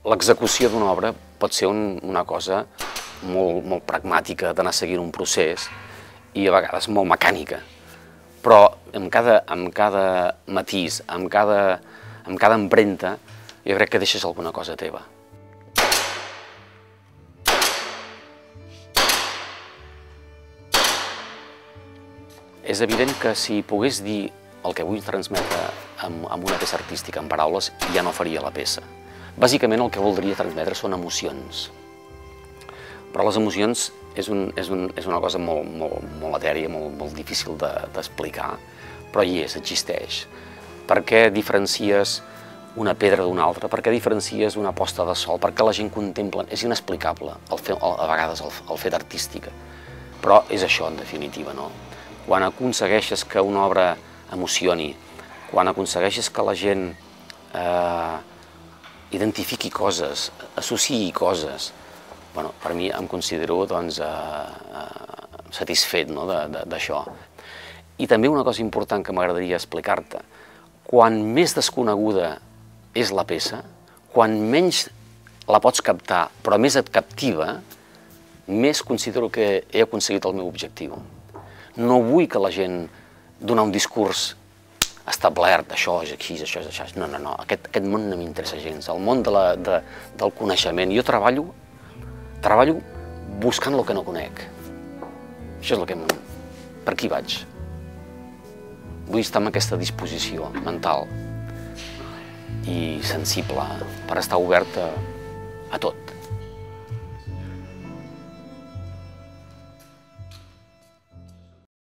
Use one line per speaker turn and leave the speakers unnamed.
L'execució d'una obra pot ser un, una cosa molt, molt pragmàtica, d'anar seguint un procés, i a vegades molt mecànica. Però amb cada, amb cada matís, amb cada, amb cada empremta, jo crec que deixes alguna cosa teva. És evident que si pogués dir el que vull transmetre amb, amb una peça artística en paraules, ja no faria la peça. Bàsicament el que voldria transmetre són emocions. Però les emocions és, un, és, un, és una cosa molt, molt, molt etèria, molt, molt difícil d'explicar, de, però hi és, existeix. Per què diferencies una pedra d'una altra? Per què diferencies una posta de sol? Per què la gent contempla? És inexplicable, el fer, a vegades, el, el fet artístic. Però és això, en definitiva, no? Quan aconsegueixes que una obra emocioni, quan aconsegueixes que la gent eh, identifiqui coses, associï coses. Bueno, per mi em considero doncs, eh, eh satisfet no, d'això. I també una cosa important que m'agradaria explicar-te. Quan més desconeguda és la peça, quan menys la pots captar, però més et captiva, més considero que he aconseguit el meu objectiu. No vull que la gent donar un discurs establert, això és així, això és així. No, no, no, aquest, aquest món no m'interessa gens. El món de la, de, del coneixement. Jo treballo, treballo buscant el que no conec. Això és el que... Per aquí vaig. Vull estar amb aquesta disposició mental i sensible per estar oberta a tot.